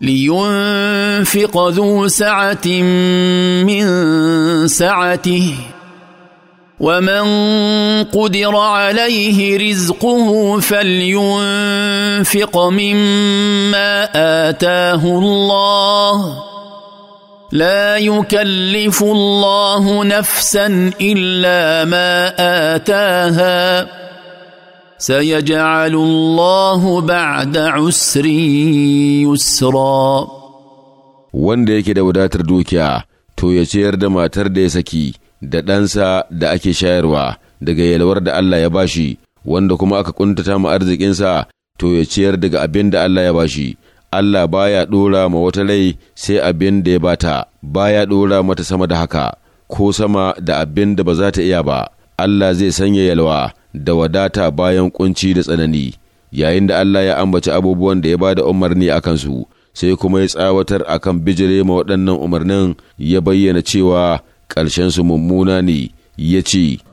لينفق ذو سعه من سعته ومن قدر عليه رزقه فلينفق مما اتاه الله لا يكلف الله نفسا الا ما اتاها سيجعل الله بعد عسر يسرا wanda yake da wadatar dukiya to ya ciyar da matar da ya saki da ɗansa da ake shayarwa daga yalwar da Allah ya bashi wanda kuma aka kuntata ma arzikinsa to ya ciyar daga abin da Allah ya bashi Allah baya ɗora ma wata rai sai abin da ya bata baya ɗora mata sama da haka ko sama da abin da ba za ta iya ba Allah zai sanya yalwa da wadata bayan kunci da tsanani yayin da Allah ya ambaci abubuwan da ya ba da umarni a kansu sai kuma ya tsawatar kan bijire ma waɗannan umarnin ya bayyana cewa ƙarshensu mummuna ne ya ce